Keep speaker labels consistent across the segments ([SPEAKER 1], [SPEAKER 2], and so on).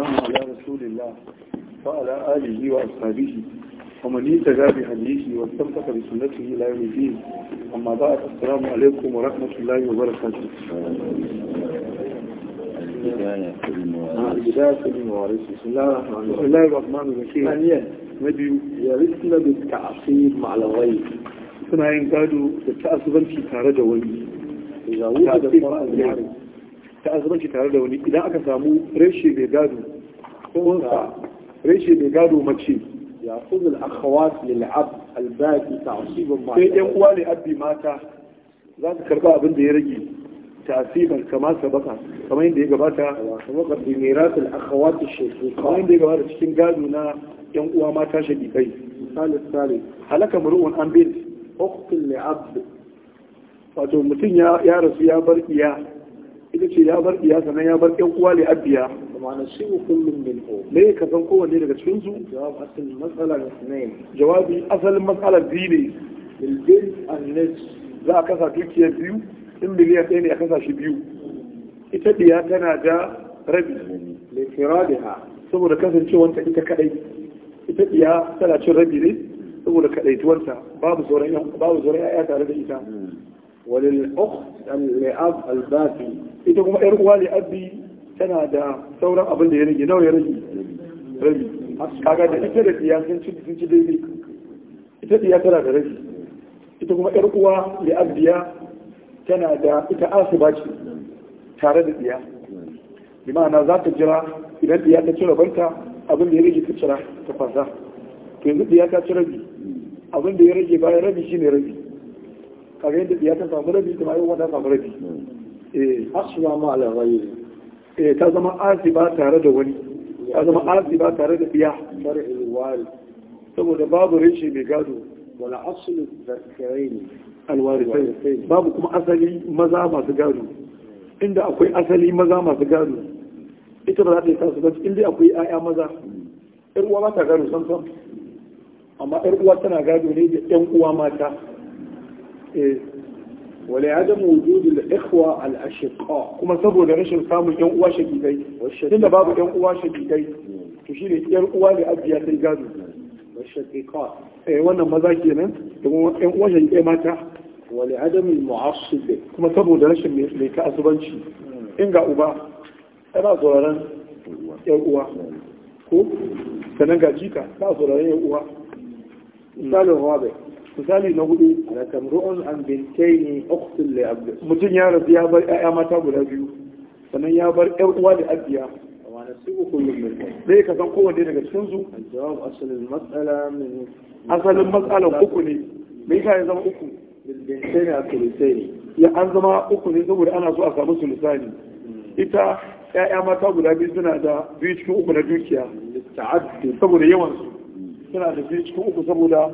[SPEAKER 1] والسلام على رسول الله وعلى آله وأصحابه ومن يتبع بحديثه واستمسك بسنته إلى يوم الدين أما بعد السلام عليكم ورحمة الله وبركاته البداية في الموارث البداية بسم الله الرحمن الرحيم بسم الله الرحمن الرحيم ثانيا نبي يرثنا بالتعصيب مع الغيب suna yin gado في ta'asubanci tare
[SPEAKER 2] إذا wani
[SPEAKER 1] ta'asubanci tare da wani idan aka samu reshe mai gado unsa reshe mai gado mace ya kuzul akhawat lil ab al baqi ta'siban ma sai yan uwa ne abbi mata za su karba abin da ya rage ta'siban kama sabaka kamar yadda ya gabata sabaka bi miratul akhawat shaqiqa kamar yadda ya gabata cikin gado na yan uwa mata shaqiqai misali misali halaka mur'un an bil ukhtul li abd wato mutum ya rasu ya bar iya ita ce ya bar iya sannan ya bar ƴan uwa ne abiya kuma na shi kullum min hu ne ka san kowanne daga cikin su jawab asalin matsalar ne jawabi asalin matsalar biyu ne bilbil annas za a kasa dukiyar biyu in miliyan ɗaya ne a kasa shi biyu ita diya tana da rabi da firadiha saboda kasancewanta ita kadai ita diya tana cin rabi ne saboda kadaituwanta babu sauran babu sauran yaya tare da ita وللأخت الأب الباقي ita kuma yar uwa li'abbi tana da sauran abin da ya rage nawa ya rage rage kaga da ita da diya sun ci sun ci daidai ita diya tana da rage ita kuma yar uwa li'abbiya tana da ita asuba ce tare da diya bi ma'ana za ta jira idan diya ta cire banta abin da ya rage ta cira ta fasa to yanzu diya ta ci bi abin da ya rage bayan rabi shine rabi kaga yadda diya ta samu rabi kuma yau ta samu rabi asuwa ma alawai ta zama asiba tare da wani ta zama asiba tare da biya saboda babu rishi mai gado wala asulu zakarai sai babu kuma asali maza masu gado inda akwai asali maza masu gado ita ba za ta yi tasu ba inda akwai 'ya'ya maza ƴaruwa ba ta gado san san amma ƴaruwa tana gado ne da ƴan uwa mata eh. ولعدم وجود الإخوة الأشقاء كما سبوا لرشل سامو يوم أوا شديدي هنا باب يوم أوا شديدي تشير يوم أوا لأبيا تلقادو والشقيقات إيه وانا مذاكينا يوم أوا شديدي ماتا ولعدم المعصب كما سبوا لرشل ميكا أسبانشي إنغا أبا أنا زوران يوم أوا ko sanan ga jika ba sauraron yan uwa misalin rabe misali na hudu lakamru'un an bintaini uqtul li abd mutum ya rasu ya bar ƴaƴa mata guda biyu sannan ya bar ƴan uwa da abiya
[SPEAKER 2] wa nasibu kullum
[SPEAKER 1] ka san kowanne daga cikin su asalin mas'ala
[SPEAKER 2] asalin mas'ala uku ne
[SPEAKER 1] me yasa ya zama uku ne bintaini asulisaini ya an zama uku ne saboda ana so a samu sulisani hmm. ita ƴaƴa mata guda biyu suna da biyu cikin uku na dukiya saboda yawan su suna da biyu cikin uku saboda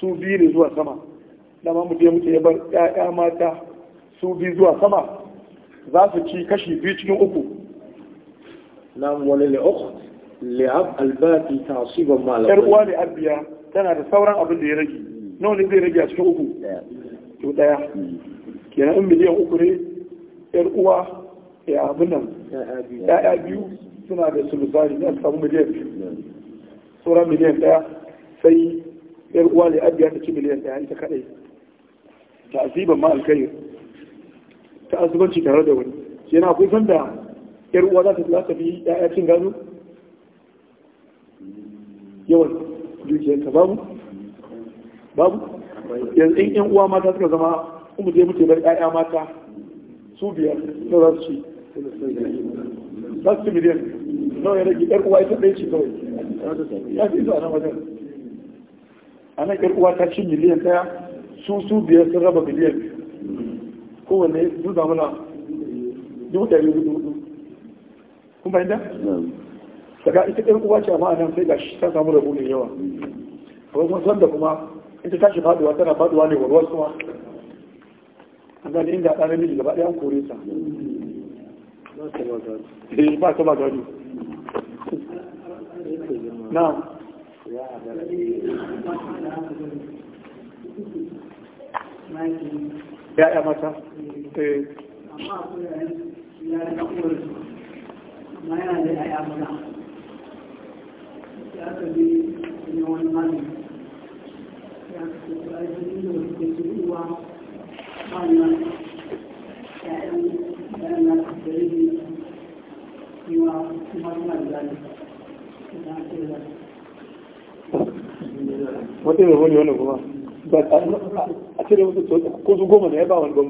[SPEAKER 1] su biyu ne zuwa sama da mutum ya mutu ya bar ƴaƴa mata su biyu zuwa sama za su ci kashi biyu cikin uku nam wani le ab albati ba malamai yar uwa ne abiya tana da sauran abin da ya rage nawa ne zai rage a cikin uku to daya kenan in miliyan uku ne yar uwa ya abin nan ya'ya biyu suna da sulusari na samu miliyan biyu sauran miliyan daya sai yar uwa da abiya ta ci miliyan ɗaya ita kaɗai ta aziban ma alkhair ta azubanci tare da wani yana akwai da yar uwa za ta za ta bi ɗaya cin gano yawan dukiyar ta babu babu yanzu in yan uwa mata suka zama kuma zai mutu bar ƴaƴa mata su biyar na za su ci za su ci miliyan nawa ya rage yar uwa ita ɗaya ci kawai ya fi zuwa n'a wajen a nan ƴar uwa ta ci miliyan ɗaya su su biyar sun raba miliyan biyu sun zama mana dubu ɗari hudu hudu kun fahimta daga ita ɗan uwa ce a nan sai ga shi ta samu rabu mai yawa kuma sun san da kuma ita shi faduwa tana faduwa ne warwar kuma an gani inda ɗan namiji gaba ɗaya an kore sa ba ta ba gado
[SPEAKER 2] eh, na ya'ya mata eh. Thank you. wata
[SPEAKER 1] da wani wani kuma a cire musu ko su goma da ya ba wani duk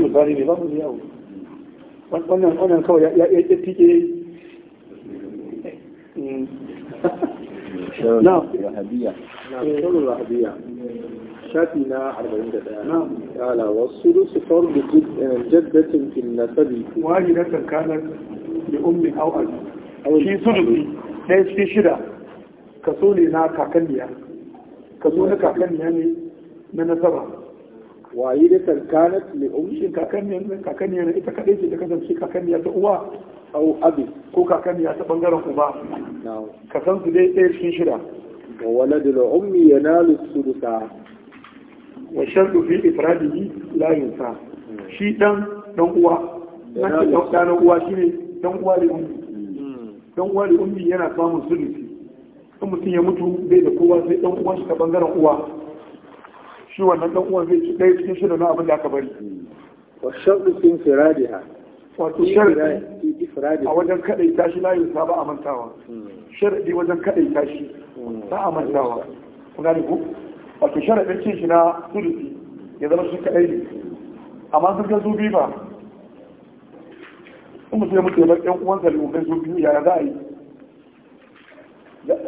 [SPEAKER 1] misali ne ba mu yawo wannan wannan kawai ya ya tike na rahabiya na eh. rahabiya shafi na 41 قال والثلث فرض جدة في النسب كانت da ummi aw abi shi sulusi ɗaya cikin shida kaso ne na kakanniya kaso na kakanniya ne na nasaba waye da tarkanat li ummi kakanniyar ne kakanniyar ita kadai ce ta kasance kakanniyar ta uwa a abin. ko kakanniyar ta ɓangaren uba ka san su dai ɗaya cikin shida wa waladul ummi yanalu sulusa wa shartu fi ifradihi la yunsa hmm. shi ɗan ɗan uwa na ɗan uwa shine dan uwa da ummi dan uwa da ummi yana samun sulusi in mutum ya mutu bai da kowa sai dan uwan shi ta bangaren uwa shi wannan dan uwan zai ci ɗaya cikin shirin na abin da aka bari wa sharɗu sun firadiha wato sharɗi a wajen kaɗai tashi layin sa ba a mantawa sharɗi wajen kaɗai tashi ba a mantawa kuna gane ku wato sharaɗin cin shi na sulusi ya zama shi kaɗai ne amma sun ga zubi ba in mutum ya mutu ya bar ƴan uwansa da ubai su biyu yaya za a yi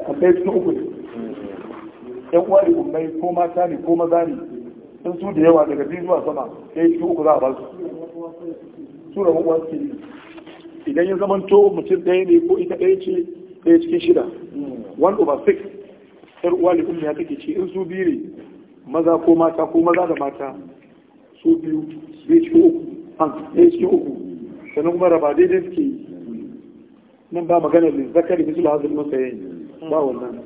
[SPEAKER 1] a kai su uku ƴan uwa da ubai ko mata ne ko maza ne sun su da yawa daga biyu zuwa sama sai su uku za a ba su su rabon uwa suke yi idan ya zama to mutum ɗaya ne ko ita ɗaya ce ɗaya cikin shida one over six ƴar uwa da ubai ya take ce in su biyu ne maza ko mata ko maza da mata su biyu zai cikin uku an ɗaya cikin uku sannan kuma raba daidai suke yi nan ba magana da zakari misul hazin yayi ba wannan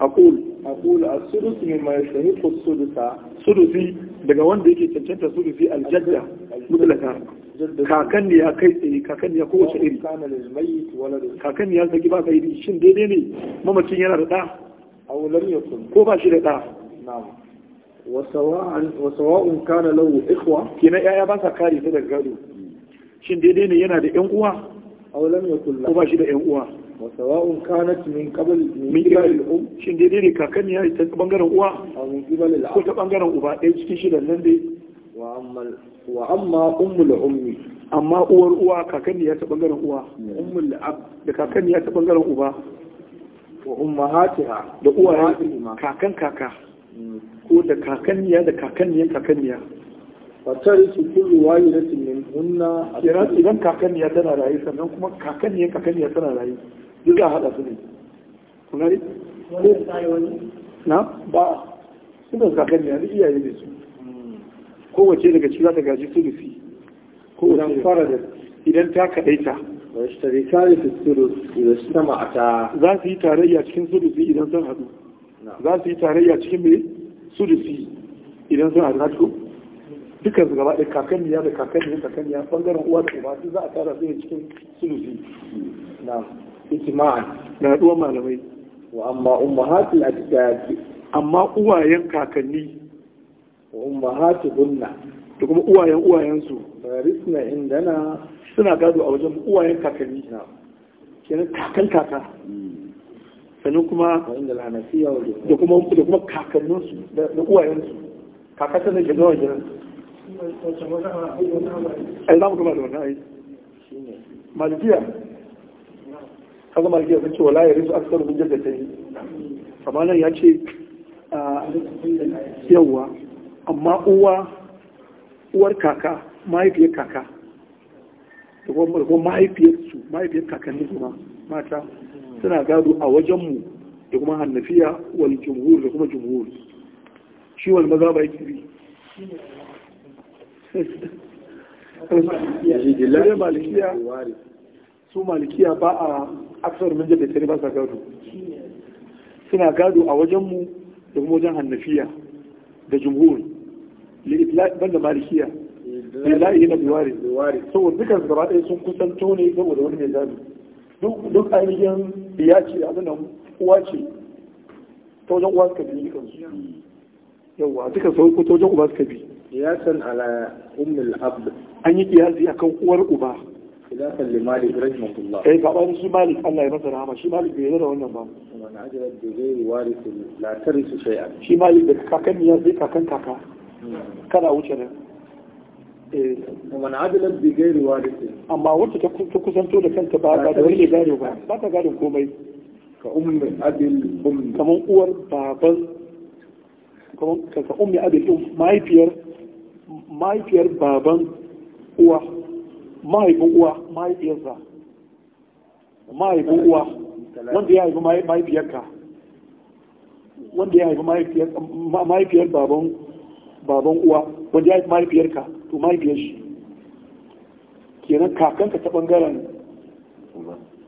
[SPEAKER 1] akul akul a sudus mimma yastahiqu as-sudusa sudusi daga wanda yake cancanta sudusi aljadda mutlaka kakan ne ya kai tsaye kakan ne ya kowace iri kakan ne ya zaki ba kai shin daidai ne mamacin yana da da ko ba shi da da wasawa'un kana lahu ikhwa kina yaya ba sa kare ta daga gado shin daidai ne yana da yan uwa aw lam yakul ko ba shi da yan uwa wa sawa'un kanat min qabl min qabl al-um shin daidai ne kakanni ya ta bangaren uwa aw min qabl al-ab ko ta bangaren uba dai cikin shi dan nan dai wa amma wa amma ummul ummi amma uwar uwa kakanni ya ta bangaren uwa ummul ab da kakanni ya ta bangaren uba wa ummahatiha da uwaye kakan kaka mm. ko da kakanniya da kakanniyan kakanniya fatar yake kullu wani rasin min hunna a idan kakanni ya tana rayu sannan kuma kakanni ya kakanni ya tana rayu duk a haɗa su ne kun gani
[SPEAKER 2] wani wani
[SPEAKER 1] na ba su da kakanni ya zai iyaye ne. su wace daga ci za gaji su rufi ko idan fara da idan ta kaɗaita ta rikari su suru idan da sama a ta za su yi tarayya cikin su rufi idan sun haɗu za su yi tarayya cikin me su rufi idan sun haɗu dukkan su gaba ɗaya kakanniya da kakanniya kakanniya ɓangaren uwa da uba duk za a tara su cikin sulusi na ijma'an na ɗuwan malamai wa amma ummahatul ajdad amma uwayen kakanni wa ummahatubunna da kuma uwayen uwayensu risna indana suna gado a wajen uwayen kakanni na kenan kakan kaka sannan kuma da kuma kakanninsu da uwayensu kaka sanin gaba wajen ai za mu gaba da wannan ai malikiya kaga malikiya sun ce wala ya aka aksar min ta yi amma nan ya ce yawwa amma uwa uwar kaka mahaifiyar kaka da kuma mahaifiyar su mahaifiyar kakanni kuma mata suna gado a wajenmu da kuma hannafiya wal jumhur da kuma jumhur shi wani maza ba yake bi su malikiya ba a aksar min jabe tare ba sa gado suna gado a wajenmu da kuma wajen hannafiya da jumhur banda malikiya lillahi yana biwari saboda dukkan gaba ɗaya sun kusan ne saboda wani mai gado duk ainihin biya ce abin nan uwa ce ta wajen uwa suka biyu dukansu yawwa dukkan sauƙo ta wajen uwa suka biyu قياسا على أم الأب أن يقياسي أكون أور أبا خلافا لمالك رحمه الله اي طبعا شي مالك الله يمثل هذا شي مالك بيدر ولا ما ومن عجلت بغير وارث لا ترث شيئا شي مالك كاكن يا زي كاكن كاكا كذا وجهه إيه. ومن عدلت بغير وارث اما wacce ta kusanto da kanta ba da wani gado ba ba ta gado komai ka ummi adil um kaman uwar baban kaman ka ummi adil um mahaifiyar mahaifiyar baban uwa mahaifin uwa mahaifiyarsa mahaifin uwa wanda ya haifi mahaifiyarka wanda ya haifi mahaifiyar baban uwa wanda ya haifi mahaifiyarka to mahaifiyar shi kenan kakanka ta bangaren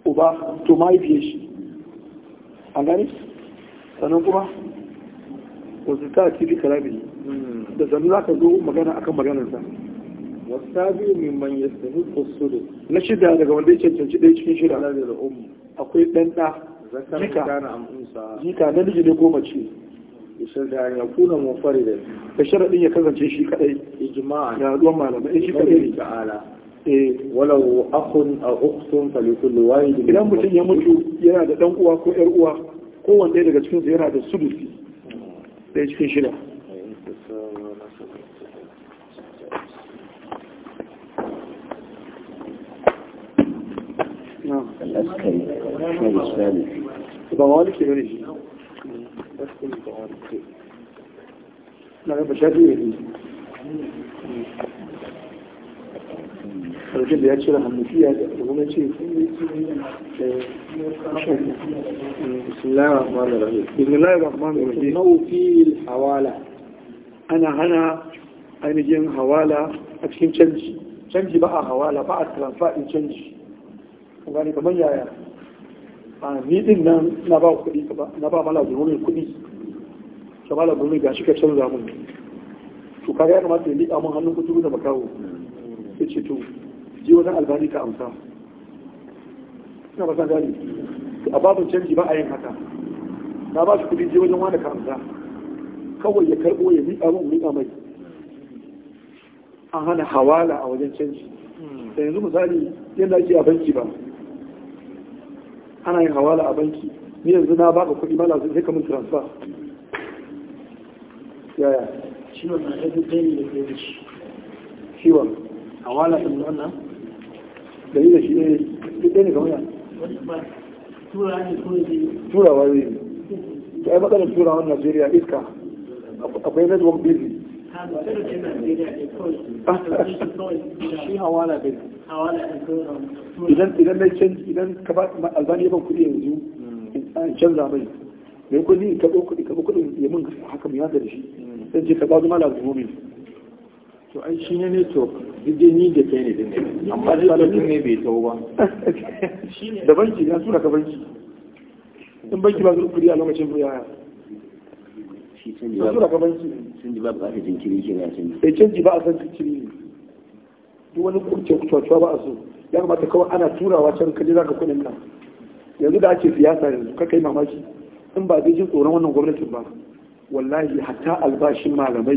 [SPEAKER 1] uba to mahaifiyar shi an gani sannan kuma wasu ta cikin karabi da sannu za ka zo magana akan maganarsa wasabi min man yastahiqu sudu na shida daga wanda ya cancanci ɗaya cikin shida akwai ɗan ɗa jika jika na miji ne ko mace bishar da ya kuna mafari da da sharaɗin ya kasance shi kaɗai ijma'a ya ruwan malamai shi kaɗai ne ta'ala eh walau akhun aw ukhtun fa likulli wahid idan mutum ya mutu yana da ɗan uwa ko ɗan uwa kowanne daga cikin su yana da sudusi ɗaya cikin shida الأسكري أحمد السالي ضوالك يريد لا بشافيه الرجل اللي فيها المسيح يقول شيء
[SPEAKER 2] بسم الله الرحمن الرحيم
[SPEAKER 1] بسم الله الرحمن الرحيم نو في الحوالة أنا هنا أنا جن حوالة أتكلم تشنجي تشنجي بقى حوالة بقى ترانفاء تشنجي gani kamar yaya a ni din nan na ba kuɗi na ba mala gurmi kuɗi ka mala gurmi gashi ka canza mun to kaga ya kamata ya liƙa mun hannun kuɗi da makawo ya ce to ji wajen albani ka amsa ina ba san gani a babin canji ba a yin haka na ba shi kuɗi ji wajen wani ka amsa kawai ya karɓo ya liƙa mun liƙa mai an hana hawala a wajen canji da yanzu misali yadda ake a banki ba ana yin hawala a banki ni yanzu na baka kuɗi mala zai kamun transfer yaya ciwon na ɗaya ɗaya da ke da shi ciwon hawala ɗin wannan da shi ne eh, duk ɗaya ne
[SPEAKER 2] kamar ya turawa ne to ai
[SPEAKER 1] matsalar wa najeriya iska akwai network kawai shi hawala bai idan idan na canji idan ka ba albani ya ban kuɗi yanzu mm. in canza mai mai ko ni ka kuɗi ka kuɗi ya mun haka mu yada da shi sai mm. je ka ba zuma la zuwa to ai shi ne to duk ni da kai ne din ne amma salatin ne
[SPEAKER 2] bai tau ba
[SPEAKER 1] da banki na sura ka banki in banki ba zuwa kuɗi a lokacin mu ya? shi ka banki
[SPEAKER 2] canji ba ba ka jinkiri kenan canji sai
[SPEAKER 1] eh, canji ba a san jinkiri ne duk wani kurcewa ba a so ya kamata kawai ana turawa can kaje za ka kudin nan yanzu da ake siyasa yanzu ka kai mamaki in ba zai jin tsoron wannan gwamnatin ba wallahi hatta albashin malamai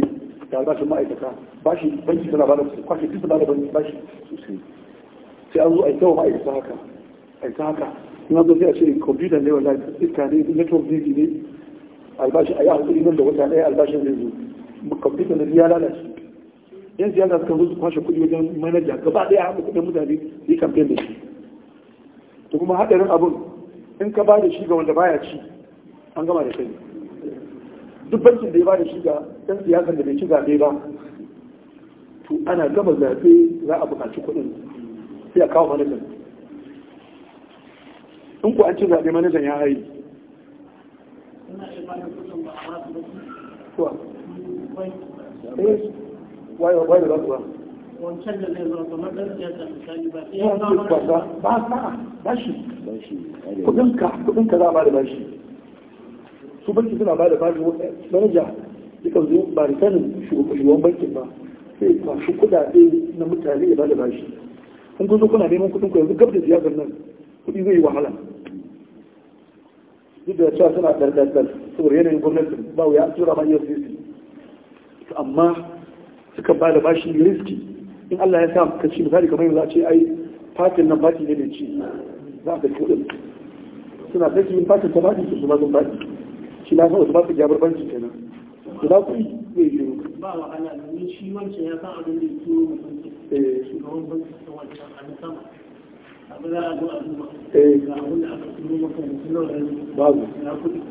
[SPEAKER 1] da albashin ma'aikata bashi banki tana ba da su kwashe ba da banki bashi sosai sai an zo a yi tawa ma'aikata haka a yi ta haka in an zo sai a ce kwamfuta ne wallahi iska ne network ne albashi a yi hankali nan da wata ɗaya albashin zai zo kwamfuta ne ya lalace yan siyasa suka zo su kwashe kuɗi wajen manaja gaba ɗaya haka kuɗin mutane su yi kamfen da shi to kuma haɗarin abun in ka ba da shi ga wanda baya ci an gama da kai duk bankin da ya ba da shi ga yan siyasa da bai ci zaɓe ba to ana gama zaɓe za a buƙaci kuɗin sai a kawo manajan in ku an ci zaɓe manajan ya hayi
[SPEAKER 2] Thank waye waye da zuwa wancan zai zuwa kamar ba sai ba ba ba bashi bashi kudin ka
[SPEAKER 1] za ba da bashi su banki suna ba da bashi manaja duka zuwa ba da sanin shugaban bankin ba sai kwashi kudade na mutane ya ba da bashi in kun zo kuna neman kudin ku yanzu gab da siyasar nan kudi zai yi wahala duk da cewa suna ɗarɗarɗar saboda yanayin gwamnati ba wuya tura ma efcc amma suka ba da bashi riski in Allah ya sa ka ci misali kamar yanzu a ce ai fatin nan baki ne mai ci za ka kuɗi suna saki yin fatin ta baki su ma sun baki shi na san wasu ba su gyabar banki kenan su ba kuɗi
[SPEAKER 2] zai yi ba wa ana domin shi wancan ya san abin da ya turo mutum eh. shugaban banki ta wancan an sama abu za a zo a duba eh. ga abin da aka turo maka mutum nawa ne babu na kuɗi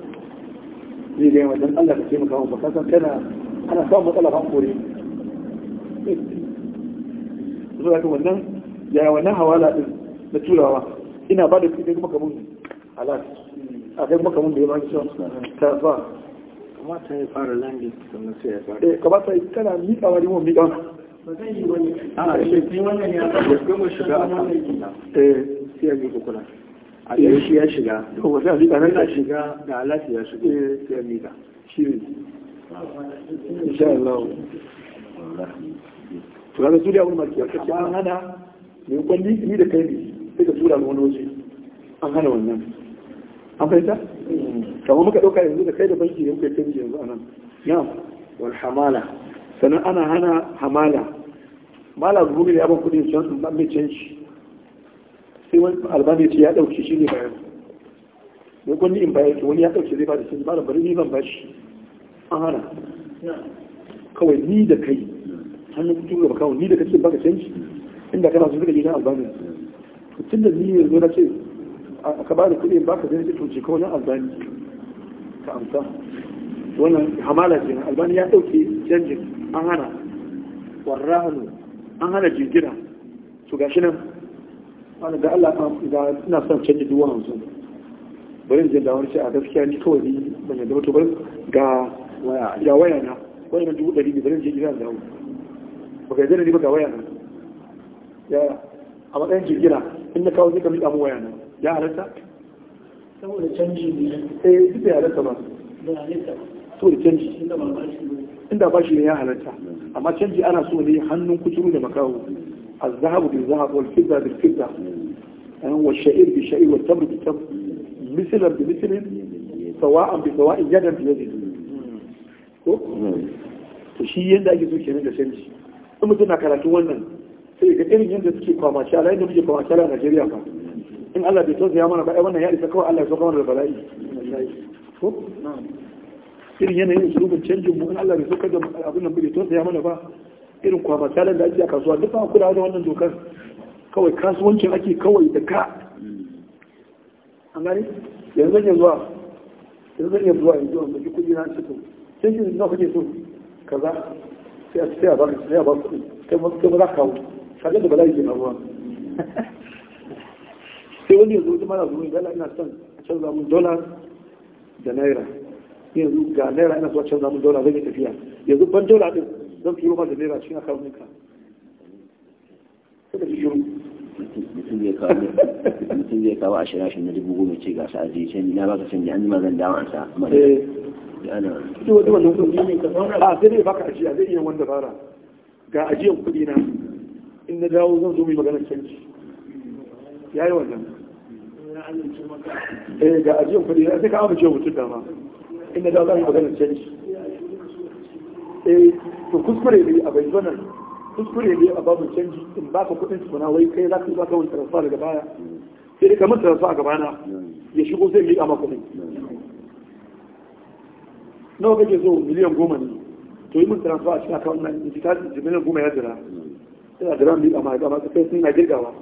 [SPEAKER 2] zai gaya
[SPEAKER 1] wajen Allah ka taimaka wa bakasan kana ana samun matsala ba kore zo da wannan yaya wannan hawala din na turawa ina ba da kuɗi kuma kamun halas a kai kuma kamun da ya ba shi ta ba
[SPEAKER 2] kamata ya fara
[SPEAKER 1] landing sannan sai ya fara eh kamata ya kana miƙa wani mu miƙa
[SPEAKER 2] ba zai yi wani a shi wannan ya gama shiga a kan eh sai ya yi kukula a eh. shi ya
[SPEAKER 1] shiga to wata liƙa nan da shiga da ya shiga eh. sai ya shi ne insha Allah to kaga su da wani maliki aka ce an hana mai kwalli ni da kai ne sai ka tura wani waje an hana wannan an fahimta kamar muka ɗauka yanzu da kai da banki da kai canji yanzu anan ya wal hamala sannan ana hana hamala mala gumi da ya ban kudin can ban mai canji sai wani albani ce ya ɗauki shi ne bayan mai kwalli in bayan wani ya ɗauki zai ba da canji ba da bari ni zan bashi an hana kawai ni da kai hannun mutum gaba kawo ni da kake baka canji inda kana zuwa na albani tun da ni zo na ce ka ba da kuɗi baka zai ce to je kawai na albani ka amsa wannan hamala ce albani ya ɗauke canjin an hana warrahanu an hana jirgina to gashi nan wani ga Allah ga ina son canji duwa hamsin bari da dawar ce a gaskiya ni kawai ni ban yadda ba to bari ga waya na wani na dubu ɗari ne bari je gida da وكذلك نبقى ويانا يا أما الآن جيلا إنك أوزيك من الأمو ويانا يا أهلتا
[SPEAKER 2] سوري تنجي
[SPEAKER 1] إيه كيف يا أهلتا ما سوري تنجي إنه باشي يا أهلتا أما تنجي أنا سوري حنو كتروني مكاو الذهب بالذهب والفضة بالفضة يعني والشعير بالشعير والتمر بالتمر مثلا بمثل سواء بسواء يدا بيد كو تشيين دا يجي شنو ده شنو in mutum na karatun wannan sai ga irin yadda suke kwamaci ala yadda muke kwama ala a Najeriya ba in Allah bai ya mana ba wannan ya isa kawai Allah ya sauka mana da bala'i ko irin yanayin rubin canjin mu in Allah bai sauka da abin nan bai ya mana ba irin kwama ala da ake a kasuwa duk an kula da wannan dokar kawai kasuwancin ake kawai da ka an gani yanzu zan iya zuwa yanzu zan iya zuwa yanzu an baki kudi na cikin canjin nawa kake so kaza sai a sai a ba sai a ba kuɗi kai ma kai ma ka kawo kaga da bala'i ke na ruwa sai wani yanzu wata mara zuwa dala ina son a canza mun dola da naira yanzu ga yi ina a yi yi yi yi yi yi mutum
[SPEAKER 2] zai kawo ashirin ashirin na dubu goma ce ga sa'a zai ni na baka canji an zama zan dawo an sa eh. ita
[SPEAKER 1] wata wannan kudi ne ka sauna a sai dai baka ajiya zai iya wanda bara ga ajiyan kudi na in na dawo zan zo mai maganar canji ya yi wannan eh ga ajiyan kudi na sai ka amince mutum dama in na dawo zan yi maganar canji eh to kuskure ne a bai zonan kuskure ne a babu canji in baka kudin tukuna wai kai za ka zo ka wani transfer daga baya sai dai kamar transfer a gabana ya shigo zai miƙa maka kudin nawa kake so miliyan goma ne to yi mun transfer a cikin akawun nan in cika miliyan goma ya jira sai a jira mi a ma'aikata masu kai sun na girgawa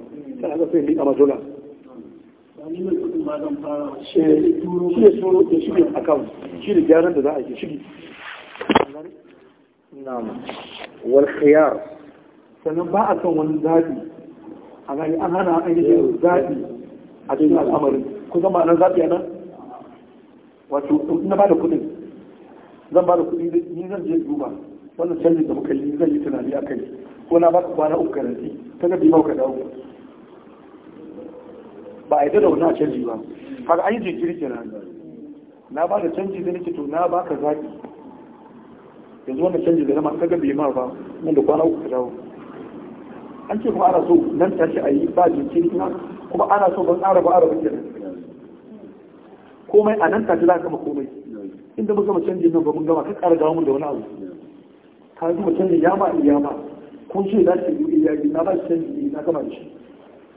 [SPEAKER 1] sai a sai mi a majola
[SPEAKER 2] shi ne tsoro da shi ne akawun
[SPEAKER 1] shi ne gyaran da za a yi shigi wal khiyar sannan ba a son wani zaɓi a gani an hana an ainihin zaɓi a cikin al'amarin kusan ma'anar zaɓi a nan wato na ba da kuɗin zan ba da kuɗi ni zan je duba wannan canjin da muka yi zan yi tunani a kai ko na ba ka kwana uku garanti ta ga bimau ka dawo ba a yi da wannan canji ba har an yi jinkiri kenan na ba da canji da nake to na ba ka zaɓi yanzu wannan canji da zama ta ga bimau ba nan da kwana uku ka dawo an ce kuma ana so nan tashi a yi ba jinkiri kuma ana so ban tsara ba a araba kenan komai a nan tashi za ka kama komai inda muka gama canjin nan ba mun gama ka ƙara dawo mun da wani abu ka zuba canjin ya ma iya ma kun ce za ki yi iya na ba shi canji eh, na gama shi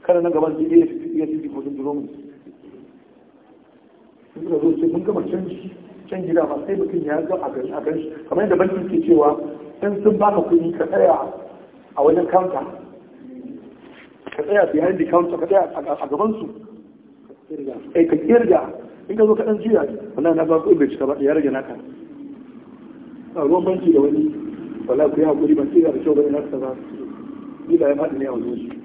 [SPEAKER 1] kada na gaban zai iya iya fi ko sun duro mu sun zo ce mun gama canji canji da ba sai mutum ya zo a gari a gari kamar yadda bankin ke cewa in sun ba baka kuɗi ka tsaya a wajen kanta ka tsaya behind the counter ka tsaya a gabansu. ka kirga eh, in ka zo kaɗan jiya juya wallahi na ba ku bai cika ba ya rage naka a ruwan banki da wani wallahi ku yi hakuri ban tsira da kyau ba ina ta ba ni da ya faɗi ne a wajen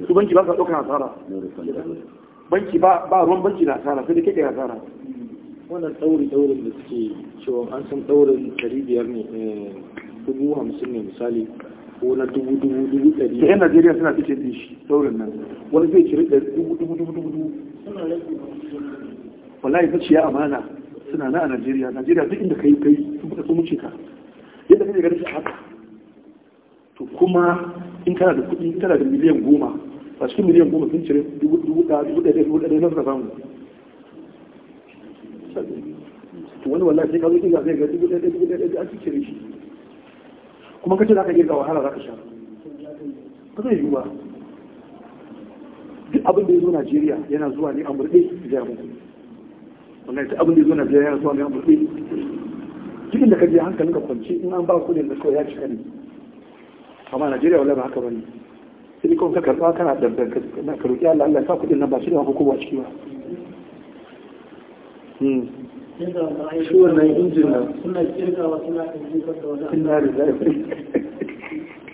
[SPEAKER 1] su su banki ba ka ɗaukar asara banki ba a ruwan banki na asara sai da kake asara
[SPEAKER 2] wannan tsauri tsauri da suke cewa
[SPEAKER 1] an san tsaurin ɗari biyar ne eh, dubu hamsin ne misali ko na dubu
[SPEAKER 2] dubu dubu ɗari. Yan Najeriya
[SPEAKER 1] suna fice ɗin shi tsaurin nan wani zai ciri dubu dubu dubu dubu. wallahi maciya amana suna na a Najeriya Najeriya duk inda kai kai sun buɗe sun wuce ka yadda kake ganin shi haka
[SPEAKER 2] to kuma
[SPEAKER 1] in kana da kuɗi kana da miliyan goma a cikin miliyan goma sun cire dubu dubu da dubu da dubu da na suka samu to wani wallahi sai ka zo kinga zai ga dubu da dubu da dubu an cire shi kuma kace zaka girga wahala zaka sha ba zai yiwu ba duk abin da ya zo Najeriya yana zuwa ne a murɗe ya mutu wallahi ta abin da zo na biya yana zuwa ne an buɗe cikin da ka je hankalin ka kwance in an ba kuɗin da kawai ya cika ne amma Najeriya wala ba haka bane sai kawai ka karɓa kana dandan ka roƙi Allah Allah sa kuɗin nan ba shi da hukuma ciki
[SPEAKER 2] ba hmm. shi wannan injin nan suna kirkawa suna kirkar da wani ina da zafi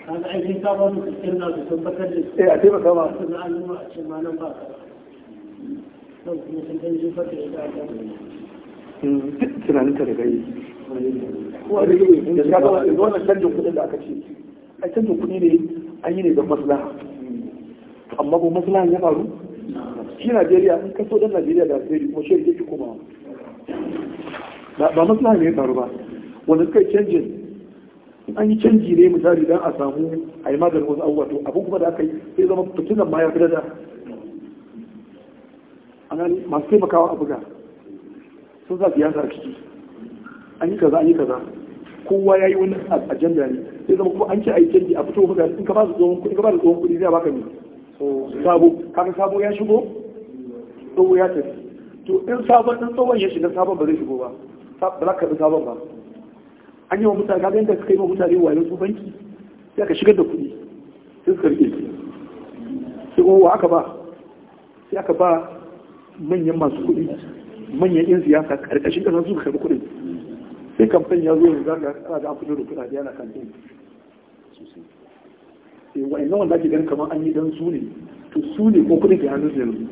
[SPEAKER 2] kaga aikin kawo su kirkawa su tabbatar da su eh a taimaka ma su na alluma a ce ma nan ba
[SPEAKER 1] tunaninta da gari
[SPEAKER 2] wannan
[SPEAKER 1] canjin kudin da aka ce a canjin kudi ne an yi ne don maslaha amma ba maslaha ya faru shi najeriya in kaso dan najeriya da alheri kuma shi yake komawa ba maslaha ne ya faru ba wanda suka yi canjin an yi canji ne misali don a samu a yi maganin wasu abubuwa to abin kuma da aka yi sai zama fitinan ma ya fi da a masu taimakawa a buga sun sa siyasa a ciki an yi kaza an yi kaza kowa ya yi wani ajanda ne sai zama kuma an ce a yi canji a fito buga in ka ba su tsohon kuɗi ka ba su tsohon kuɗi zai baka ne sabo kaga sabo ya shigo tsoho ya tafi to in sabon in tsohon ya shiga sabon ba zai shigo ba ba za ka sabon ba an yi wa mutane kaga yadda suka yi wa mutane wayo su banki sai aka shigar da kuɗi sai suka rike sai kuma oh, aka ba sai aka ba manyan masu kuɗi manyan yan siyasa karkashin kasa su karɓi kuɗin sai kamfen ya zo yanzu ga kana da an fito da kuɗaɗe yana kamfen sosai eh, wa'annan wanda ake ganin kamar an yi dan su ne to su ne ko kuɗin ke hannun su yanzu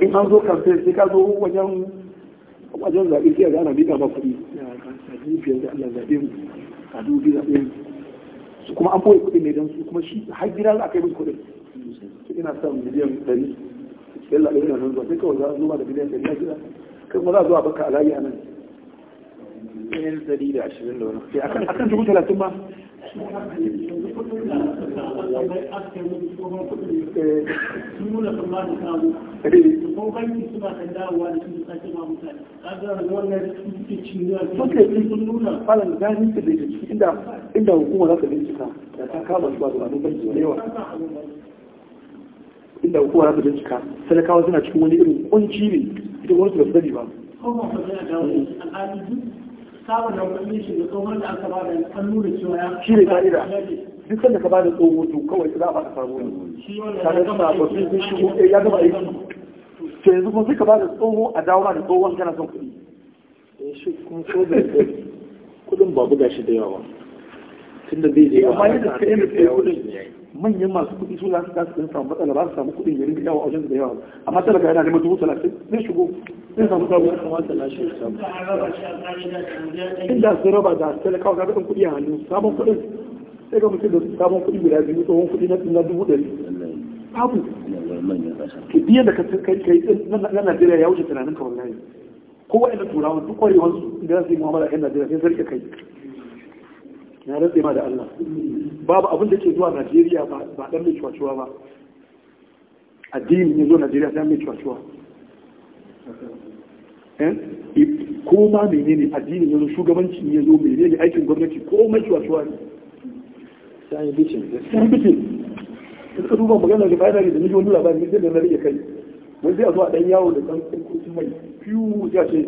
[SPEAKER 2] in an zo kamfen
[SPEAKER 1] sai ka zo wajen wajen zaɓe sai a gana bida ba kuɗi biyar da Allah zaɓe mu a dubi zaɓe mu su kuma an boye kuɗi ne dan su kuma shi har gida za a kai musu kuɗin ina son miliyan ɗari yalla da yana zuwa sai kawai za a zuwa da biliyan ɗari na shida kai kuma za a zuwa baka a layi a nan ɗayan ɗari da ashirin da wani eh, akan dubu talatin ma eh. inda hukuma za ta bincika da ta kama su ba da wani banki da yawa. inda hukuma ta bincika talakawa suna cikin wani irin kunci ne ita wani su ba sani ba shi ne ka'ida duk sanda ka bada tsoho to kawai za a baka sabo ne tare da sababbi sun shigo ɗaya eh, ya gaba aiki to yanzu kuma sai ka bada tsoho a dawo da tsohon kana son kuɗi
[SPEAKER 2] eh, shi kuma so da kuɗin babu gashi da yawa tunda bai da yawa amma yadda ka yi mai kuɗin
[SPEAKER 1] manyan masu kuɗi su lasu kasu ɗin samu matsala ba su samu kuɗin ya yawa a wajen da yawa amma talaka yana neman dubu talatin zai shigo zai samu samu ya kamata na shi samu
[SPEAKER 2] inda sun raba
[SPEAKER 1] da talaka wa ɗin kuɗi a hannu sabon kuɗin sai ga mutum da sabon kuɗi guda biyu tsohon kuɗi na dubu ɗari babu biyan da ka kai na Najeriya ya wuce tunanin ka wallahi ko wa'anda turawan duk kwarewansu da za su yi mu'amala a kan Najeriya sai sarki kai na rantse ma da Allah babu abin da ke zuwa Najeriya ba dan mai cuwa ba addini ne zo Najeriya dan mai cuwa eh? ko ma menene addini yanzu shugabanci ne zo menene aikin gwamnati ko mai cuwa ne sai bitin sai bitin in ka duba magana da bayan da miji wani labari ne da na rike kai wani zai a zo a dan yawo da kan kuɗin mai fiyu ya ce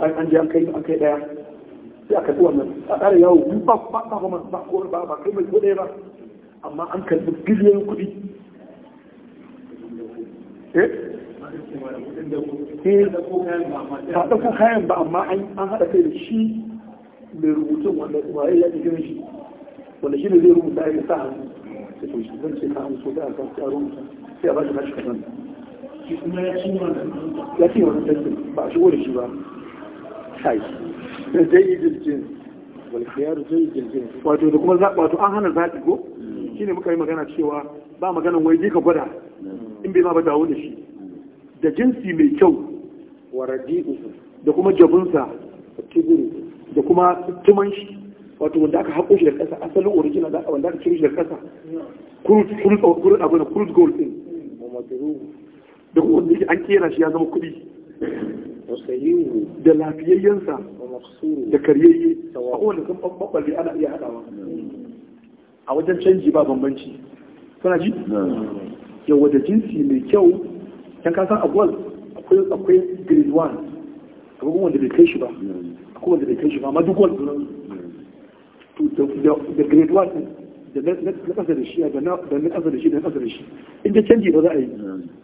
[SPEAKER 1] an je an kai an kai daya sai a karɓi wannan a ƙara yawo in ba ba ba ba ba ko ba ba kai mai ko ba amma an karɓi biliyoyin kuɗi
[SPEAKER 2] eh, eh ba
[SPEAKER 1] ɗauko kayan ba amma an haɗa kai da shi mai rubutun wanda waye ya ɗigin shi wanda shi ne zai rubuta ya sa hannu sai to shi zan ce ka hannu so da aka ya rubuta sai a ba shi kashi kasan
[SPEAKER 2] ya ci
[SPEAKER 1] wani tattalin ba a shigo da shi ba sai jayyid al wato da kuma wato an hana zaɓi ko Shi shine muka yi magana cewa ba maganan wai ka gwada in bai ma ba dawo da shi da jinsi mai kyau wa da kuma jabunsa da kuma tuman shi wato wanda aka haƙo shi da ƙasa asalin original da wanda aka ciro shi da ƙasa kurut abu na kurut gold din da kuma wanda an kera shi ya zama kuɗi da lafiyayyensa da karyayye a kowane sun babballe ana iya haɗawa a wajen canji ba bambanci suna ji yau da jinsi mai kyau yan kasan abuwal akwai akwai grade one akwai wanda bai kai shi ba a akwai wanda bai kai shi ba amma duk wanda to da grade one da na kasa da shi da na kasa da shi da na kasa da shi in canji ba za a yi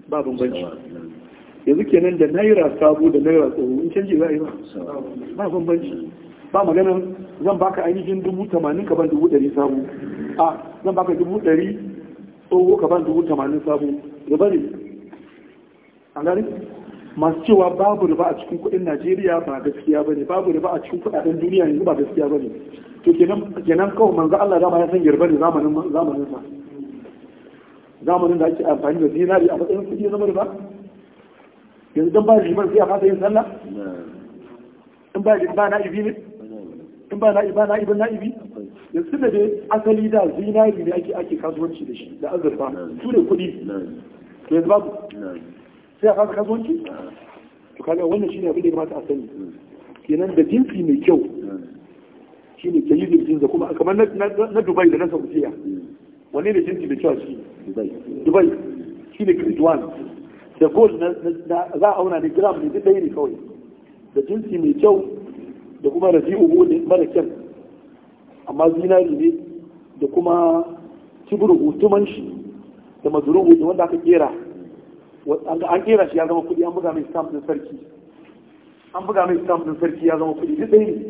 [SPEAKER 1] ba bambanci yanzu kenan da naira sabo da naira tsoro in canji za a yi ba ba bambanci ba magana zan baka ainihin dubu tamanin ka ban dubu ɗari sabo a zan baka dubu ɗari tsoro ka ban dubu tamanin sabo Ya bari a gari masu cewa babu riba a cikin kuɗin najeriya ba gaskiya ba ne babu riba a cikin kuɗaɗen duniya yanzu ba gaskiya ba ne to kenan kawai manzo allah dama ya san girba ne zamanin sa zamanin da ake amfani da zinari a matsayin kuɗi zama riba yanzu don ba liman sai a fasa yin sallah in ba da na'ibi ne in ba na'ibi ba na'ibi na'ibi yanzu da dai asali da zinari ne ake ake kasuwanci da shi da azurfa su ne kuɗi yanzu babu sai a fasa kasuwanci to kaga wannan shine abin da ya kamata a sani kenan da jinsi mai kyau shine ke yi jinsi da kuma kamar na Dubai da na Saudiya wanne ne jinsi mai kyau a ciki Dubai shine Kridwan da gold na za a auna ne gram ne duk ɗaya ne kawai da jinsi mai kyau da kuma rabi'u ne mara kyan amma zinari ne da kuma cibiru hutuman shi da mazuruhu da wanda aka kera an kera shi ya zama kuɗi an buga mai stamp din sarki an buga mai stamp din sarki ya zama kuɗi duk ɗaya ne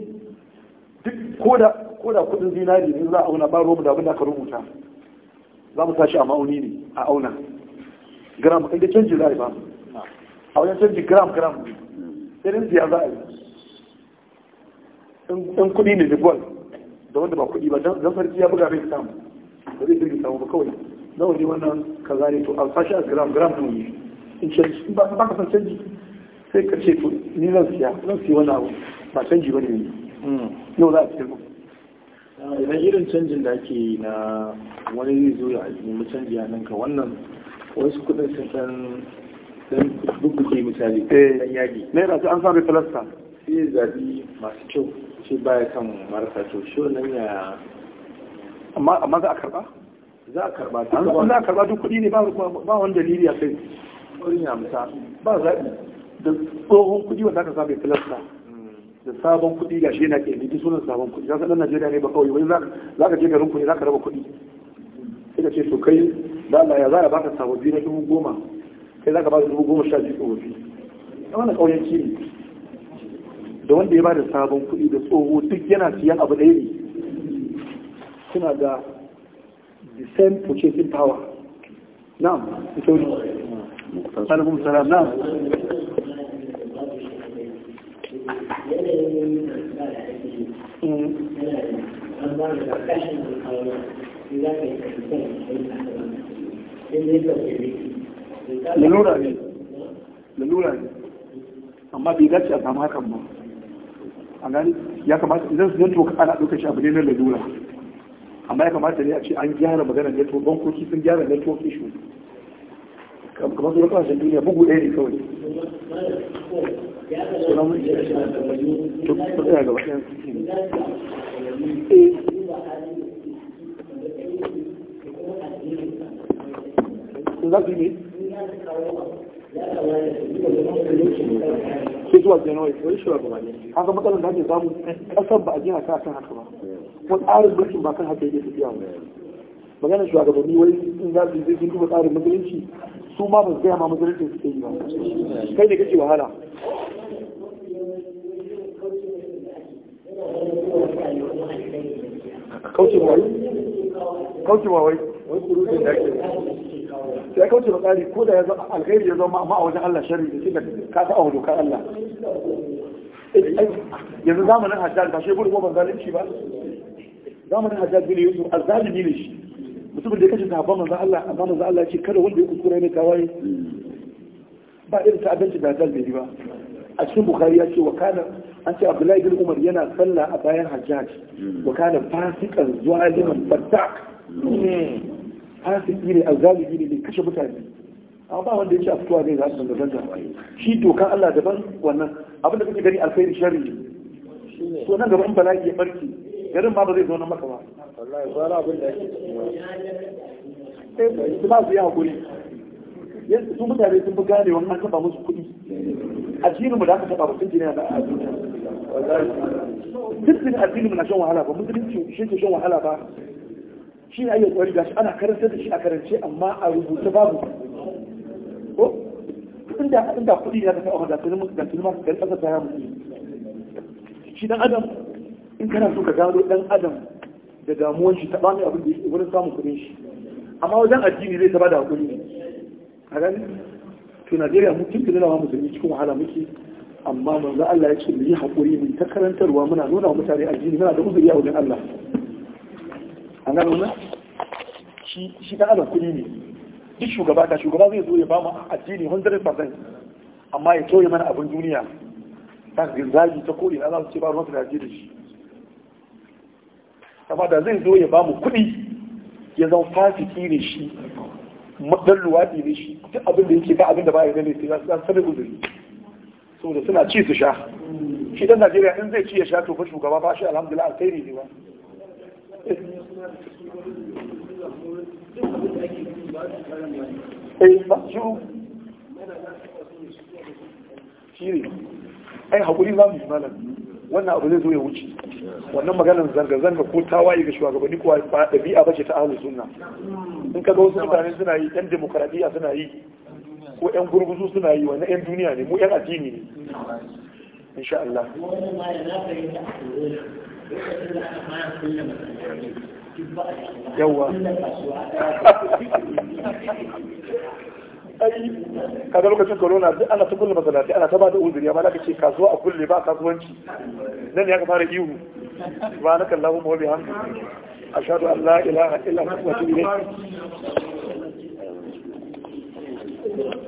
[SPEAKER 1] duk koda koda kuɗin zinari ne za a auna ba ruwan da abin da aka rubuta za mu tashi a ma'auni ne a auna gram inda canji za a yi ba a wajen canji gram gram irin siya za a yi in kuɗi ne da gwal da wanda ba kuɗi ba don sarki ya buga mai samu da zai jirgin samu ba kawai nawa ne wannan kaza ne to alfashi a gram gram nawa yi in canji in ba ka san canji sai ka ce to ni zan siya zan siya wani abu ba canji ba ne ne yau hmm. za a siyar idan ah, irin canjin da ake na wani zuwa a ya nemi canji a nan ka wannan wasu kudin sun san dan bubbuke misali eh, naira sai an samu filasta sai zabi masu kyau shi baya kan marasa kyau shi wannan ya amma za a karba za a an za a duk ne ba wani dalili a kai wurin ya musa ba zaɓi da tsohon kudi wanda aka samu filasta da sabon kuɗi ga shi yana ke sunan sabon kuɗi za ka dan Najeriya ne ba kawai wani za ka je garin kuɗi za ka raba kuɗi sai ka ce to kai da Allah ya za a baka sababbi na dubu goma sai za ka ba dubu goma sha biyu tsofaffi na wannan ƙauyenci ne da wanda ya ba da sabon kuɗi da tsoho duk yana siyan abu ɗaya ne suna da the same purchasing power na'am ita wuri alaikum salam na'am Mm. lalura ne lalura ne amma bai gaci a samu kan ba a gani ya kamata idan su zanto ana ɗauka shi abu ne na lalura amma ya kamata ne a ce an gyara maganar network bankoki sun gyara network issue kamar su rukashin duniya bugu ɗaya ne kawai
[SPEAKER 2] to tsaya gaba ɗaya eh. to za su yi
[SPEAKER 1] sai zuwa januwai haka matsalar da ake samu kasar ba a jina ta kan haka ba kuma tsarin mulkin ba kan haka yake tafiya ba magana shugabanni wai in za su yi sun duba tsarin musulunci su ma ba su gaya ma musulunci suke yi ba kai ne kake wahala
[SPEAKER 2] kauce ma wai kauce wai wai kurutun da ake to ya
[SPEAKER 1] kauce matsari ko da ya zama alkhairi ya zama amma a wajen Allah shari da shi ka ta awo dokar Allah yanzu zamanin hajjar ba shi gudu ko ban shi ba zamanin hajjal bin yusuf azzalimi ne shi mutum da ya kashe sahabban manzo Allah amma manzo Allah ya ce kada wanda ya kuskura ne tawaye ba irin ta abinci da hajjar bai ba a cikin bukhari ya ce wa kana an ce abdullahi bin umar yana sallah a bayan hajjar wa kana fasikan liman fatak hmm. fasiki ne azzalimi ne mai kashe mutane amma ba wanda ya ce a fitowa ne za su zanga shi dokan Allah daban wannan abinda kake gani alkhairi sharri ne to nan gaba in bala'i ya barke garin ma ba zai zauna maka ba wallahi ba abin da yake
[SPEAKER 2] eh, ba su yi hakuri yanzu su
[SPEAKER 1] mutane sun fi gane wani an taba musu kuɗi addinin mu da aka taba ba sun jina da addinin duk addinin mu na shan wahala ba musulunci shi ke shan wahala ba shi na iya kwari gashi ana karanta da shi a karance amma a rubuta babu ko inda inda kuɗi ya da a magatun magatun ma kan ƙasa ta yamu shi dan adam in kana so ka gano dan adam da damuwan shi ta bani abin da yake wurin samun kuɗin shi amma wajen addini zai ta bada hakuri ne a gani to Najeriya mu tun da nawa musulmi cikin wahala muke amma manzo Allah ya ce mu yi hakuri mu ta karantarwa muna nuna wa mutane addini muna da uzuri a wajen Allah an gano wannan shi ɗan adam kuɗi ne duk shugaba da shugaba zai zo ya ba mu addini 100% amma ya tauye mana abin duniya ta zagi ta koɗi na za su ce ba ruwansu da ajiye da shi amma da zai zo ya ba mu kuɗi ya zama fasiki ne shi dan luwaɗi ne shi duk abin da yake ba abin da ba ya gane sai za su sanar uzuri saboda suna ci su sha shi dan Najeriya in zai ci ya sha to fa shugaba ba shi alhamdulillah alkhairi ne ba Eh, ai haƙuri za mu yi malam wannan abu zai zo ya wuce wannan maganar zanga-zanga ko tawaye ga shugabanni ko ba ɗabi'a ba ce ta ahlus suna in ka ga wasu mutane suna yi yan demokaradiyya suna yi ko yan gurguzu suna yi wannan yan duniya ne mu yan addini ne insha Allah
[SPEAKER 2] yawa ai
[SPEAKER 1] kaga lokacin corona duk ana ta kulle masallaci ana ta ba da uzuri amma ka ce kasuwa a kulle ba kasuwanci nan ne aka fara ihu ba na wa bihamdika ashhadu an la ilaha illa anta astaghfiruka
[SPEAKER 2] wa atubu